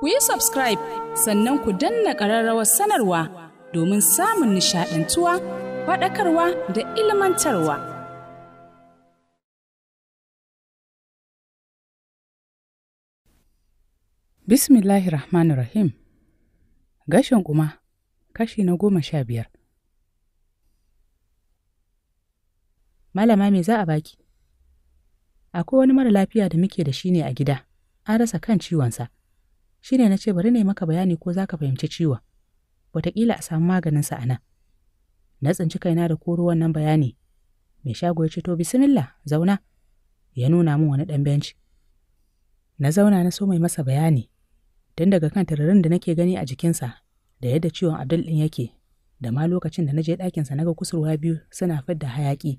ku yi subscribe sannan ku danna ƙararrawar sanarwa domin samun nishaɗantuwa faɗakarwa da ilmantarwa. Bismillahirrahmanirrahim Gashin kuma kashi na goma sha biyar. Malama me za a baki? Akwai wani mara lafiya da muke da shi ne a gida, an rasa kan ciwonsa. Shi ne na ce bari ne maka bayani ko za ka fahimci ciwo, Wataƙila a samu maganinsa a nan. Na tsinci kaina da koro wannan bayani. Mai shago ya ce to "Bisimillah, zauna. Ya nuna min wani ɗan benci. Na zauna na so mai masa bayani. Tun daga kan tararin da nake gani a jikinsa da yadda ciwon Abdul ɗin yake da ma lokacin da na je ɗakinsa na ga kusurwa biyu suna fidda hayaƙi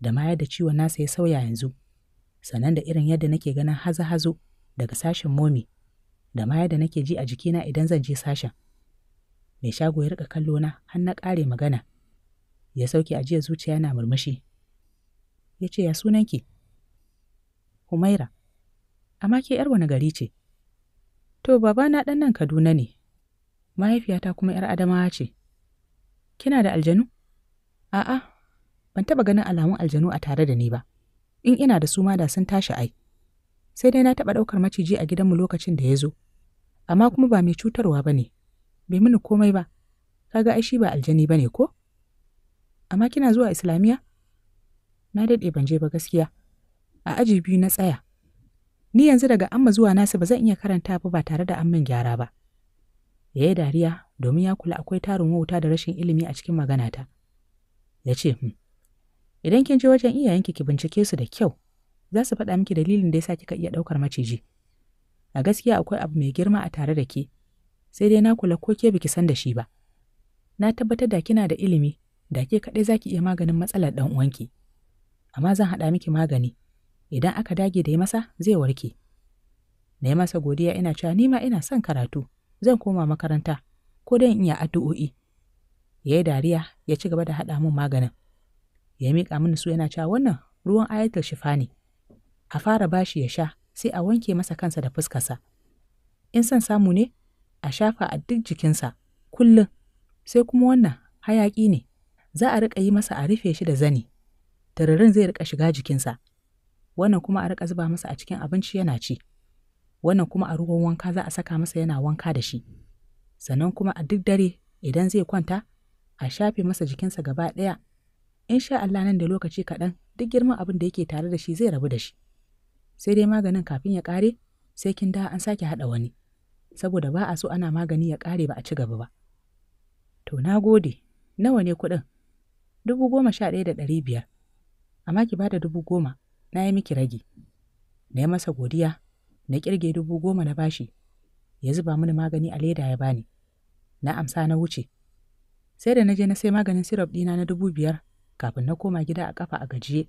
da ma yadda ciwon nasa ya sauya yanzu sannan da irin yadda nake ganin haza-hazo daga sashen momi da ma yadda nake ji a jikina idan zan je sashen. Mai shago ya riƙa kallo na har na ƙare magana. Ya sauke ajiya zuciya na murmushi. Ya ce ya sunanki? Humaira. Amma ke ‘yar wani gari ce? To, babana ɗan nan Kaduna ne, mahaifiyata kuma ‘yar Adamawa ce. Kina da aljanu? A'a, ban taɓa ganin alamun aljanu a tare da ni ba. In ina da su ma da sun tashi ai. sai dai na taɓa ɗaukar maciji a gidanmu lokacin da ya zo amma kuma ba mai cutarwa ba ne bai mini komai ba kaga ai shi ba aljani ba ne ko amma kina zuwa islamiyya na daɗe ban je ba gaskiya a aji biyu na tsaya ni yanzu daga amma zuwa nasu ba zan iya karanta ba ba tare da an min gyara ba ya yi dariya domin ya kula akwai tarin wauta da rashin ilimi a cikin maganata ya ce hmm. idan kin je wajen iyayenki ki bincike su da kyau za su faɗa miki dalilin da sa kika iya ɗaukar maciji. A gaskiya akwai abu mai girma a tare da ke, sai dai na kula ko ke biki san da shi ba. Na tabbatar da kina da ilimi, da ke kaɗai za ki iya maganin matsalar ɗan uwanki. Amma zan haɗa miki magani, idan aka dage da yi masa zai warke. Na yi masa godiya ina cewa ni ma ina son karatu, zan koma makaranta, ko dan iya addu'o'i. Ya yi dariya ya ci gaba da haɗa min maganin. Ya miƙa mini su yana cewa wannan ruwan ayatul shifa ne. a fara bashi ya sha sai a wanke masa kansa da fuskarsa in son samu ne a shafa a duk jikinsa kullum sai kuma wannan hayaƙi ne za a riƙa yi masa a rufe shi da zani tararin zai riƙa shiga jikinsa wannan kuma a riƙa zuba masa a cikin abinci yana ci wannan kuma a ruwan wanka za a saka masa yana wanka da shi sannan kuma a duk dare idan zai kwanta a shafe masa jikinsa gaba ɗaya in sha Allah nan da lokaci kaɗan duk girman abin da yake tare da shi zai rabu da shi. sai dai maganin kafin ya ƙare sai kin da an sake haɗa wani saboda ba a so ana magani ya ƙare ba a ci gaba ba to na gode nawa ne kuɗin dubu goma sha ɗaya da ɗari biyar amma ki bada dubu goma na yi miki rage na yi masa godiya na ƙirge dubu goma na bashi ya zuba mini magani a leda ya bani na amsa na wuce sai da na je na sai maganin sirop ɗina na dubu biyar kafin na koma gida a ƙafa a gajiye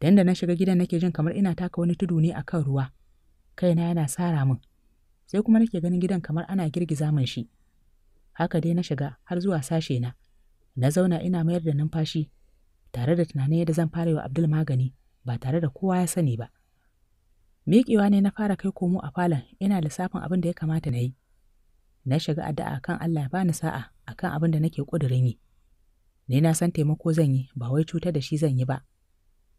da na shiga gidan nake jin kamar ina taka wani tudu ne akan ruwa kaina yana sara min sai kuma nake ganin gidan kamar ana girgiza min shi haka dai na shiga har zuwa sashe na na zauna ina mayar da numfashi tare da tunanin yadda zan fara wa Abdul magani ba tare da kowa ya sani ba miƙewa ne na fara kai komo a falon ina lissafin abin da ya kamata na yi na shiga addu'a kan Allah ya bani sa'a akan abin da nake ƙudurin yi ni na san taimako zan yi ba wai cutar da shi zan yi ba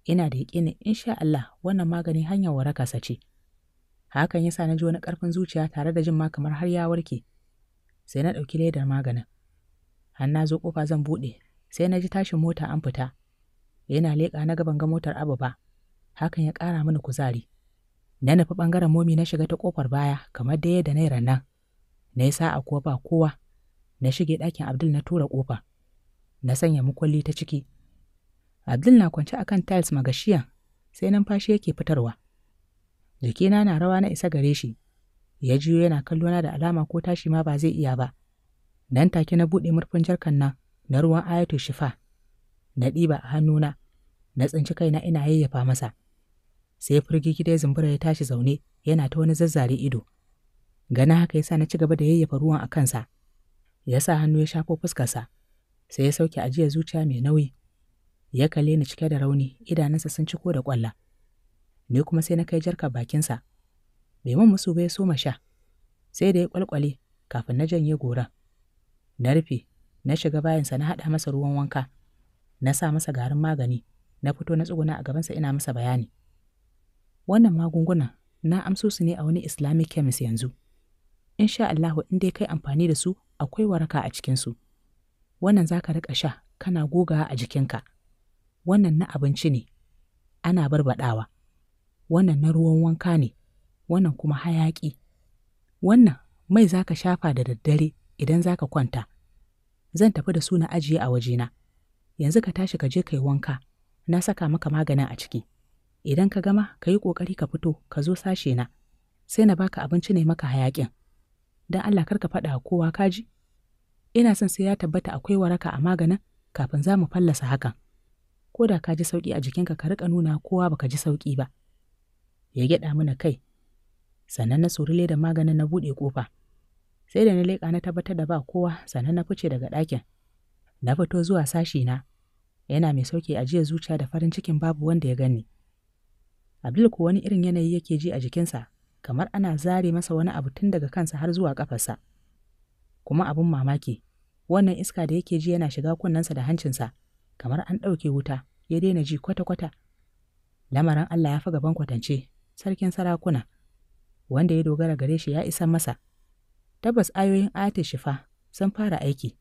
ina da yaƙinin insha Allah wannan magani hanyar warakarsa ce. Hakan yasa na ji wani ƙarfin zuciya tare da jin ma kamar har ya warke. Sai na ɗauki ledar maganin. Hanna zo ƙofa zan buɗe, sai na ji tashin mota an fita. Yana leƙa na gaban ga motar abu ba. Hakan ya ƙara mini kuzari. Na nufi ɓangaren momi na shiga ta ƙofar baya kamar da yadda na yi rannan. Na yi sa'a kuwa ba kowa. Na shige ɗakin Abdul na tura ƙofa. Na sanya mukulli ta ciki. Abdul na kwance a kan tiles magashiyan, sai numfashi yake fitarwa. Jikina na rawa na isa gare shi, ya jiyo yana na da alama ko tashi ma ba zai iya ba. Nan take na buɗe murfin jarkan nan na ruwan ayatu shifa. Na ɗiba a hannuna, na tsinci kaina ina yayyafa masa. Sai firgigi dai zumbura ya tashi zaune yana ta wani zazzare ido. Gana haka yasa na ci gaba da yayyafa ruwan a kansa. Ya sa hannu ya shafo fuskarsa, sai ya sauke ajiyar zuciya mai nauyi. Ya kalle ni cike da rauni, idanunsa sun ciko da ƙwalla. Ni kuma sai na kai jarka bakinsa. Bai man musu bai so sha. Sai da ya ƙwalƙwale kafin na janye gora Na rufe, na shiga bayansa na haɗa masa ruwan wanka. Na sa masa garin magani, na fito na tsuguna a gabansa ina masa bayani. Wannan magunguna na amso su ne a wani Islamic chemist yanzu. sha Allahu in dai kai amfani da su akwai waraka a cikinsu. Wannan za ka riƙa sha kana gogawa a jikinka. wannan na abinci ne, ana barbaɗawa, wannan na ruwan wanka ne, wannan kuma hayaƙi. Wannan mai za ka shafa da daddare idan za ka kwanta. Zan tafi da su na ajiye a wajena. Yanzu ka tashi ka je ka yi wanka, na saka maka maganin a ciki. Idan ka gama, ka yi ƙoƙari ka fito, ka zo sashe na. Sai na baka abinci ne maka hayaƙin. Don Allah kar ka faɗa kowa kaji. Ina son sai ya tabbata akwai waraka a maganin kafin za mu fallasa hakan. ko da ka ji sauƙi a jikinka ka riƙa nuna kowa baka ji sauƙi ba. Ya gyaɗa mana kai, sannan na suri da maganin na buɗe kofa. Sai da na leka na tabbatar da ba kowa sannan na fice daga ɗakin. Na fito zuwa sashi na, yana mai sauke ajiyar zuciya da farin cikin babu wanda ya gani. Abdul ko wani irin yanayi yake ji a jikinsa, kamar ana zare masa wani abu tun daga kansa har zuwa ƙafarsa. Kuma abun mamaki, wannan iska da yake ji yana shiga kunnensa da hancinsa, kamar an ɗauke wuta ya daina ji kwata-kwata lamarin Allah ya fi gaban kwatance sarkin sarakuna wanda ya dogara gare shi ya isa masa tabbas ayoyin ayatul shifa sun fara aiki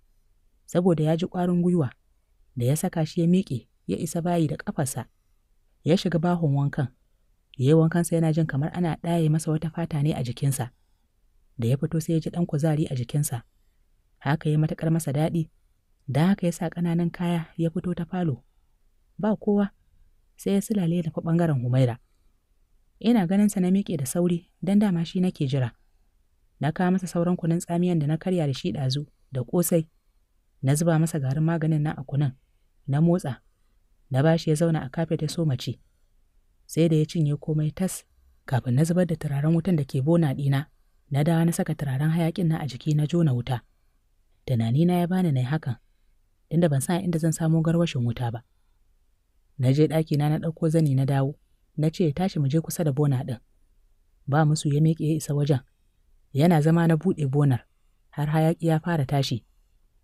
saboda ya ji ƙwarin gwiwa da ya saka shi ya miƙe ya isa bayi da ƙafarsa ya shiga bahon wankan ya wankan sa yana jin kamar ana ɗaye masa wata fata ne a jikinsa da ya fito sai ya ji ɗan kuzari a jikinsa haka ya matuƙar masa daɗi da haka ya sa ƙananan kaya ya fito ta falo ba kowa sai ya silale da fa ɓangaren humaira ina ganinsa na miƙe da sauri don dama shi nake jira na kawo masa sauran kunun tsamiyan da na karya da shi ɗazu da ƙosai na zuba masa garin maganin na a kunan na motsa na bashi ya zauna a kafet ya so mace sai da ya cinye komai tas kafin na zubar da turaren wutan da ke bona ɗina na dawo na saka turaren hayaƙin na a jiki na jona wuta tunanina ya bani na hakan inda ban san inda zan samo garwashin wuta ba. Na je ɗakina na ɗauko zani na dawo, na ce ya tashi mu je kusa da bona ɗin. Ba musu ya miƙe ya isa wajen. Yana zama na buɗe bonar, har hayaƙi ya fara tashi.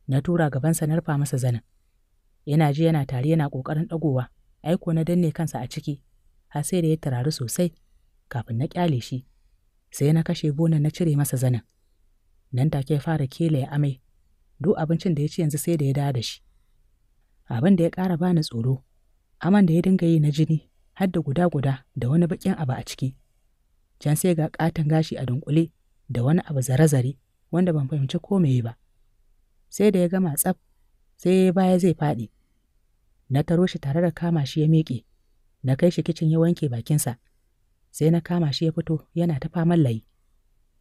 Na tura sa na rufa masa zanin. Yana ji yana tari yana ƙoƙarin ɗagowa, aiko na danne kansa a ciki, har sai da ya turari sosai, kafin na ƙyale shi. Sai na kashe bonar na cire masa zanin. Nan take ya fara kele ya amai, duk abincin da ya ci yanzu sai da ya dawo da shi abin da ya ƙara bani tsoro aman da ya dinga yi na jini har da guda-guda da wani bakin abu a ciki can sai ga ƙaton gashi a dunkule da wani abu zare-zare wanda ban fahimci ko me ba sai da ya gama tsaf sai ya baya zai faɗi na taro shi tare da kama shi ya miƙe na kai shi kicin ya wanke bakinsa sai na kama shi ya fito yana ta faman layi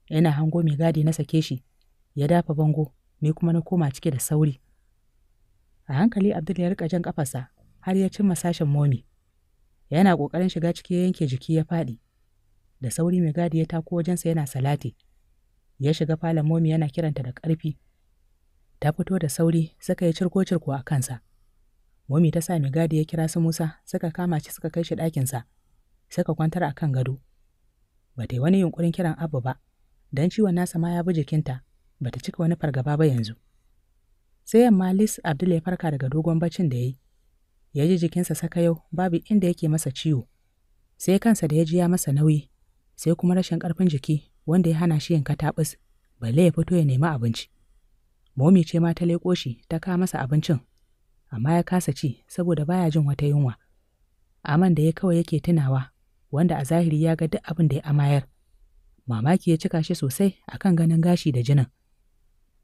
yana hango mai gadi na sake shi ya dafa bango ni kuma na koma cike da sauri a hankali abdul ya rika jan kafarsa har ya cimma sashen momi yana ƙoƙarin shiga ciki ya yanke jiki ya faɗi da sauri mai gadi ya tako wajensa yana salati ya shiga falon momi yana kiranta da ƙarfi ta fito da sauri suka yi cirko-cirko a kansa momi ta sa mai gadi ya kira su musa suka kama shi suka kai shi ɗakinsa suka kwantar a kan gado ba ta yi wani yunƙurin kiran abu ba don ciwon nasa ma ya bi jikinta ba ta cika wani fargaba ba yanzu. Sai yamma Lis Abdul ya farka daga dogon baccin da ya yi. Ya ji jikinsa saka yau, babu inda yake masa ciwo. Sai kansa da ya ji ya masa nauyi, sai kuma rashin ƙarfin jiki wanda ya hana shi yin kataɓis, balle ya fito ya nemi abinci. Momi ce ma ta leƙo shi ta kawo masa abincin, amma ya kasa ci saboda baya jin wata yunwa. Aman da ya kawai yake tunawa, wanda a zahiri ya ga duk abin da ya amayar. Mamaki ya cika shi sosai akan ganin gashi da jinin.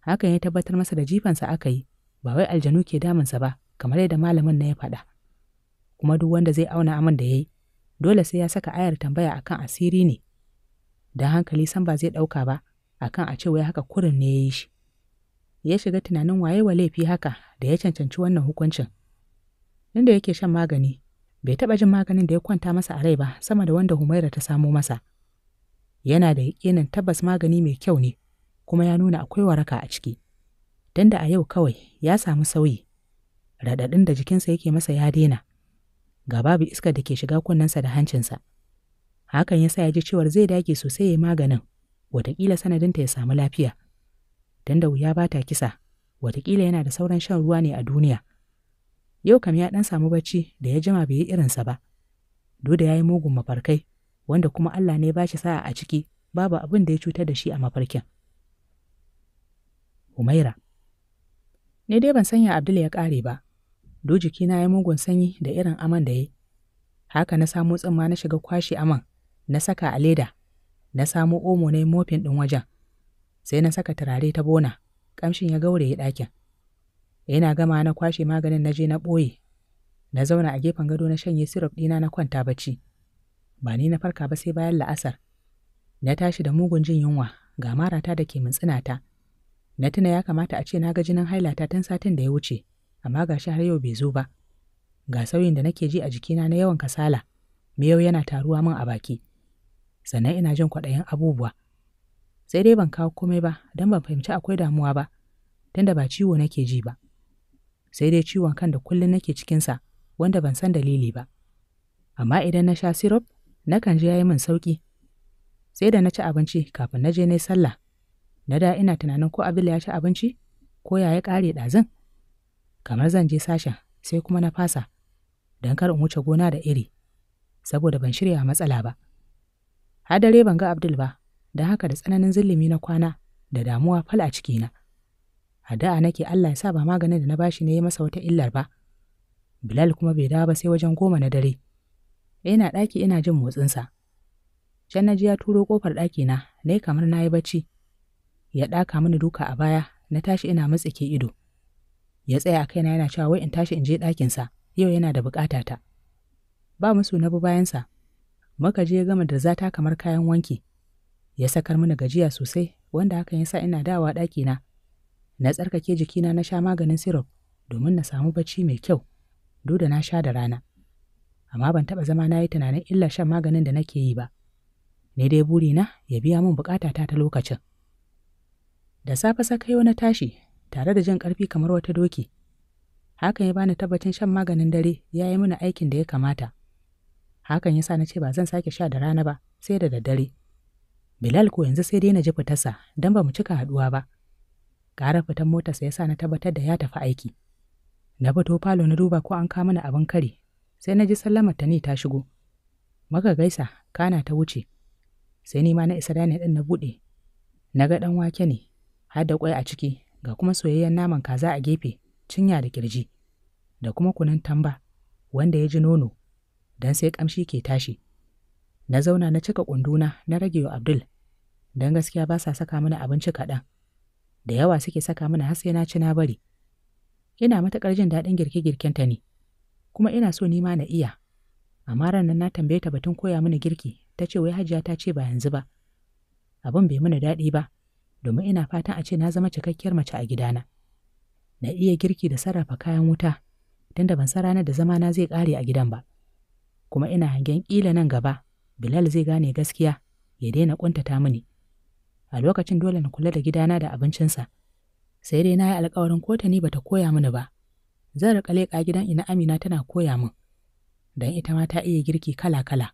hakan ya tabbatar masa da jifansa aka yi ba wai aljanu ke damunsa ba kamar yadda malamin na ya faɗa kuma duk wanda zai auna aman da ya yi dole sai ya saka ayar tambaya akan asiri ne da hankali san ba zai ɗauka ba akan a ce wai haka kurin ne ya yi shi ya shiga tunanin waye wa laifi haka da ya cancanci wannan hukuncin nan yake shan magani bai taɓa jin maganin da ya kwanta masa a rai ba sama da wanda humaira ta samo masa yana da yaƙinin tabbas magani mai kyau ne kuma ya nuna akwai waraka a ciki. Don da a yau kawai ya samu sauyi, raɗaɗin da jikinsa yake masa ya daina, ga babu iska da ke shiga kunnensa da hancinsa. Hakan ya sa ya ji cewar zai dage sosai ya maganin, wataƙila sanadinta ya samu lafiya. Don da wuya ba ta kisa, wataƙila yana da sauran shan ruwa ne a duniya. Yau kam ya ɗan samu bacci da ya jima bai yi irinsa ba. Duda ya yi mugun mafarkai, wanda kuma Allah ne ba shi sa'a a ciki, babu abin da ya cutar da shi a mafarkin. Humaira. Ni dai ban sanya Abdul ya ƙare ba, do jikina ya mugun sanyi da irin aman da ya Haka na samo tsimma na shiga kwashe aman, na saka a leda, na samo omo na mofin ɗin wajen. Sai na saka turare ta bona, ƙamshin ya gaure ya ɗakin. Yana gama na kwashe maganin na je na ɓoye, na zauna a gefen gado na shanye sirop ɗina na kwanta bacci. Ba ni na farka ba sai bayan la'asar. Na tashi da mugun jin yunwa ga marata da ke mintsinata. Na tuna ya kamata a ce na ga jinin hailata tun satin da ya wuce, amma ga shi har yau bai zo ba. Ga sauyin da nake ji a jikina na yawan kasala, yau yana taruwa min a baki. Sannan ina jin kwaɗayin abubuwa. Sai dai ban kawo komai ba, don ban fahimci akwai damuwa ba, tunda ba ciwo nake ji ba. Sai dai ciwon kan da kullum nake cikinsa, wanda ban san dalili ba. Amma idan na sha sirop, nakan ji ya yi min sauƙi. Sai da na ci abinci kafin na je na sallah, Na da ina tunanin ko abin ya ci abinci ko ya ya ƙare ɗazun. Kamar zan je sashen sai kuma na fasa don kar in wuce gona da iri saboda ban shirya matsala ba. Har ban ga Abdul ba, don haka da tsananin zillimi na kwana da damuwa fal a cikina. Addu'a nake Allah ya sa ba maganin da na bashi ne ya masa wata illar ba. Bilal kuma bai dawo ba sai wajen goma na dare. Ina ɗaki ina jin motsinsa. Can na ji ya turo ƙofar ɗakina, na yi kamar na yi bacci, ya ɗaka mini duka a baya na tashi ina matsike ido ya tsaya a kaina yana cewa wai in tashi in je ɗakinsa yau yana da buƙata ta ba musu na bi bayansa muka je gama da zata kamar kayan wanki ya sakar mini gajiya sosai wanda hakan ya sa ina dawa ɗakina na tsarkake jikina na sha maganin syrup domin na samu bacci mai kyau duk da na sha da rana amma ban taɓa zama na yi tunanin illar shan maganin da nake yi ba ni dai burina ya biya min buƙatata ta lokacin Da safe sakayo na tashi, tare da jin ƙarfi kamar wata doki. Hakan ya bani tabbacin shan maganin dare ya yi mini aikin da ya kamata. Hakan ya sa na ce ba zan sake sha da rana ba, sai da daddare. Bilal ko yanzu sai dai na ji fitarsa, don ba mu cika haɗuwa ba. Ƙara fitan motarsa ya sa na tabbatar da ya tafi aiki. Na fito falo na duba ko an kawo mana abin kari, sai na ji sallamar ta ni ta shigo. Maka gaisa, kana ta wuce. Sai ni ma na isa Dane ɗin na buɗe. Naga ga ɗan wake ne, har da kwai a ciki ga kuma soyayyen naman kaza a gefe cinya da kirji da kuma kunun tamba wanda ya ji nono don sai ƙamshi ke tashi na zauna na cika kunduna na rage wa abdul don gaskiya ba sa saka mana abinci kaɗan da yawa suke saka mana har sai na ci na bari ina matuƙar jin daɗin girke girken ta ne kuma ina so ni ma na iya amma ranar na tambaye ta batun koya mini girki ta ce wai hajiya ta ce ba yanzu ba abin bai mana daɗi ba domin ina fatan a ce na zama cikakkiyar mace a gidana. Na iya girki da sarrafa kayan wuta, don da ban san ranar da zama na zai ƙare a gidan ba. Kuma ina hangen ƙila nan gaba, Bilal zai gane gaskiya, ya daina ƙuntata mini. A lokacin dole na kula da gidana da abincinsa. Sai dai na yi alkawarin kotani ta koya mini ba. Zan riƙa leƙa gidan ina Amina tana koya min. Don ita ma ta iya girki kala-kala.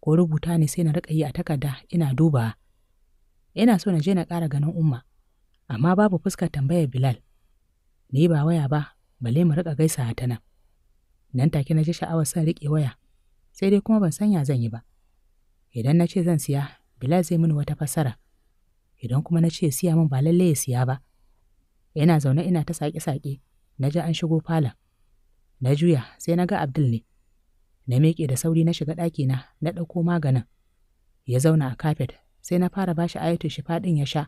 Ko rubuta ne sai na riƙa yi a takarda ina dubawa. Ina so na je na ƙara ganin Umma, amma babu fuskar tambayar Bilal. Ni ba waya ba, bale mu riƙa gaisa ta nan. Nan take na ji sha'awar son riƙe waya, sai dai kuma ban sanya zan yi ba. Idan na ce zan siya, Bilal zai mini wata fassara. Idan kuma na ce siya min ba lallai ya siya ba. Yana zaune ina ta saƙe-saƙe, na ji an shigo falon. Na juya sai na ga Abdul ne. Na miƙe da sauri na shiga ɗakina na ɗauko maganin. Ya zauna a kafet sai na fara bashi ayatul shi ya sha,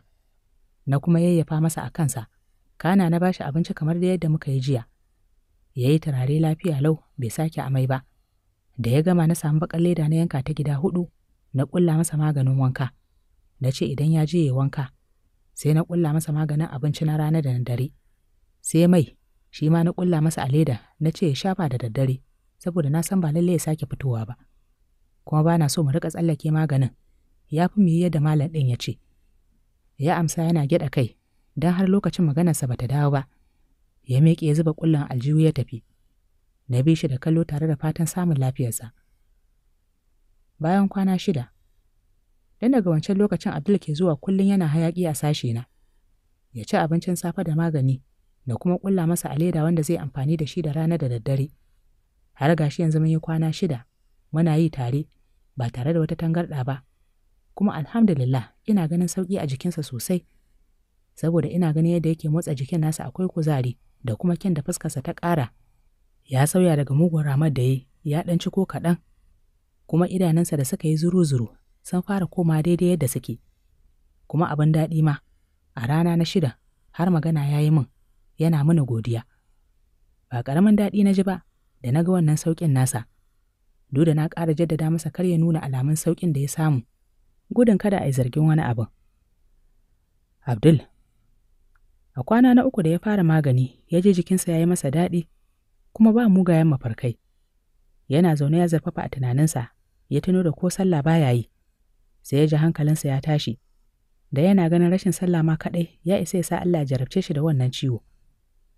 na kuma yayyafa masa a kansa, kana na bashi abinci kamar da yadda muka yi jiya. Ya yi turare lafiya lau bai sake amai ba, da ya gama na samu baƙar leda na yanka ta gida hudu na ƙulla masa maganin wanka, na ce idan ya je ya wanka, sai na ƙulla masa maganin abinci na rana da na dare. Sai mai, shi ma na kulla masa a leda, na ce ya shafa da daddare, saboda na san ba lallai ya sake fitowa ba. Kuma ba na so mu riƙa tsallake maganin, ya fi mu yi yadda malam ɗin ya ce. Ya amsa yana gyaɗa kai, don har lokacin maganarsa bata dawo ba. Ya miƙe ya zuba ƙullan aljihu ya tafi. Na bi shi da kallo tare da fatan samun lafiyarsa. Bayan kwana shida, don daga wancan lokacin Abdul ke zuwa kullum yana hayaƙi a sashe na. Ya ci abincin safe da magani, da kuma ƙulla masa a leda wanda zai amfani da shi da rana da daddare. Har gashi yanzu mun yi kwana shida, muna yi tare, ba tare da wata tangarɗa ba, kuma alhamdulillah ina ganin sauƙi a jikinsa sosai saboda ina ganin yadda yake motsa jikin nasa akwai kuzari da kuma kyan da fuskarsa ta ƙara ya sauya daga mugun ramar da yi ya ɗan ci ko kaɗan kuma idanunsa da suka yi zuru-zuru sun fara koma daidai yadda suke kuma abin daɗi ma a rana na shida har magana ya yi min yana mini godiya ba ƙaramin daɗi na ji ba da na ga wannan sauƙin nasa duk na ƙara jaddada masa kar ya nuna alamun sauƙin da ya samu gudun kada a yi zargin wani abin. Abdul, a kwana na uku da ya fara magani, ya ji jikinsa ya yi masa daɗi, kuma ba mugayen mafarkai. Yana zaune ya zarfafa a tunaninsa, ya tuno da ko sallah baya yi, sai ya ji hankalinsa ya tashi, da yana ganin rashin sallah ma kaɗai ya isa ya sa Allah ya jarabce shi da wannan ciwo,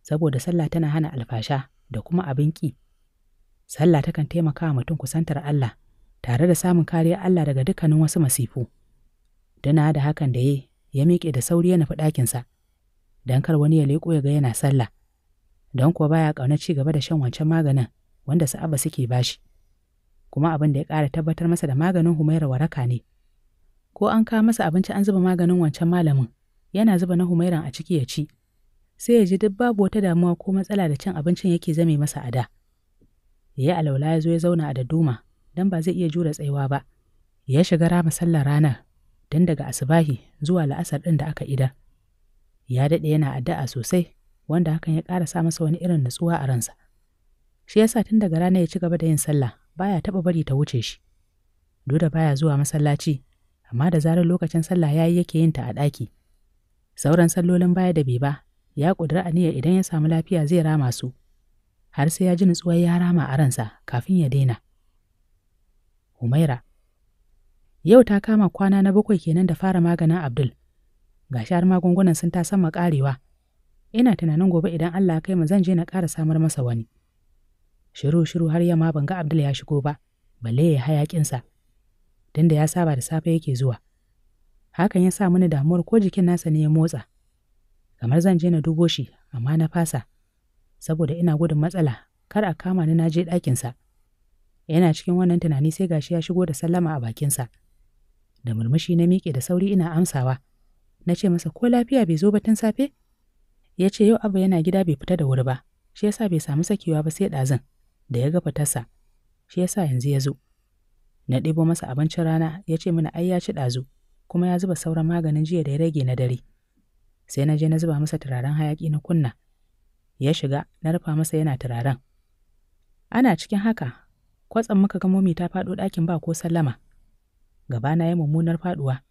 saboda sallah tana hana alfasha da kuma abin ƙi. Sallah takan taimaka mutum kusantar Allah tare da samun kariyar Allah daga dukkanin wasu masifu. Dana da hakan da ya ya miƙe da sauri ya nufi ɗakinsa, don kar wani ya leƙo ya ga yana sallah, don kuwa baya ƙauna ci gaba da shan wancan maganin wanda sa'aba suke bashi. Kuma abin da ya ƙara tabbatar masa da maganin Humaira waraka ne. Ko an kawo masa abinci an zuba maganin wancan malamin, yana zuba na Humairan a ciki ya ci, sai ya ji duk babu wata damuwa ko matsala da cin abincin yake zame masa a da. Ya laula ya zo ya zauna a da duma. don ba zai iya jure tsayuwa ba. Ya shiga rama sallar rana don daga asubahi zuwa la'asar ɗin da aka ida. Ya daɗe yana addu'a sosai, wanda hakan ya ƙara sa masa wani irin nutsuwa a ransa. Shi yasa tun daga rana ya ci gaba da yin sallah, baya taɓa bari ta wuce shi. Doda baya zuwa masallaci, amma da zarar lokacin sallah ya yi yake yin ta a ɗaki. Sauran sallolin baya da bai ba, ya ƙudura aniyar idan ya samu lafiya zai rama su, har sai ya ji nutsuwar ya rama a ransa kafin ya daina. Humaira. Yau ta kama kwana na bakwai kenan da fara maganin Abdul. Ga har magungunan sun ta sama karewa Ina tunanin gobe idan Allah ya kai mu zan je na ƙara samar masa wani. Shiru shiru har yamma ban ga Abdul ya shigo ba, balle ya hayaƙinsa. Tunda ya saba da safe yake zuwa. Hakan ya sa mini damuwar ko jikin nasa ne ya motsa. Kamar zan je na dubo shi, amma na fasa. Saboda ina gudun matsala, kar a kama ni na je ɗakinsa. sa. Yana cikin wannan tunani sai gashi ya shigo da sallama a bakinsa. Da murmushi na miƙe da sauri ina amsawa. Na ce masa ko lafiya bai zo ba tun safe? Ya ce yau abu yana gida bai fita da wuri ba, shi yasa bai samu sakewa ba sai ɗazin da ya ga fitarsa. Shi yasa yanzu ya zo. Na ɗebo masa abincin rana ya ce mana ai ya ci ɗazu, kuma ya zuba sauran maganin jiya da ya rage na dare. Sai na je na zuba masa turaren hayaƙi na kunna. Ya shiga, na rufa masa yana turaren. Ana cikin haka, Kwatsam muka ga momi ta faɗo ɗakin ba ko sallama. Gabana ya mummunar faɗuwa.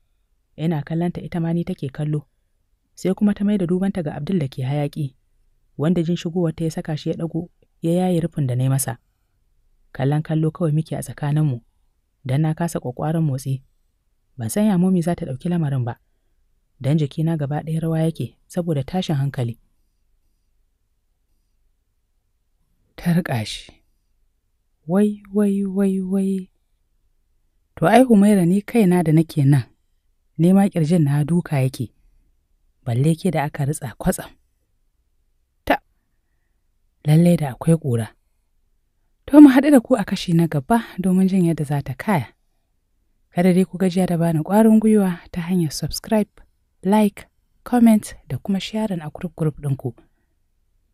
Yana kallanta ita ma ni take kallo. Sai kuma ta mai da dubanta ga Abdul da ke hayaƙi, wanda jin shigowar ta ya saka shi ya ɗago ya yaye rufin da na yi masa. Kallon kallo kawai muke a tsakaninmu, Dan na kasa ƙwaƙwaran motsi. Ban san ya momi za ta ɗauki lamarin ba, don jikina gaba ɗaya rawa yake saboda tashin hankali. ta shi. wai wai wai wai to ai humaira ni kaina da nake nan nema ƙirjin na duka yake balle ke da aka ritsa kwatsam ta lalle da akwai ƙura to mu haɗu da ku a kashi na gaba domin jin yadda za ta kaya kada dai ku gajiya da bani ƙwarin gwiwa ta hanyar subscribe like comment da kuma sharing a group group ɗinku.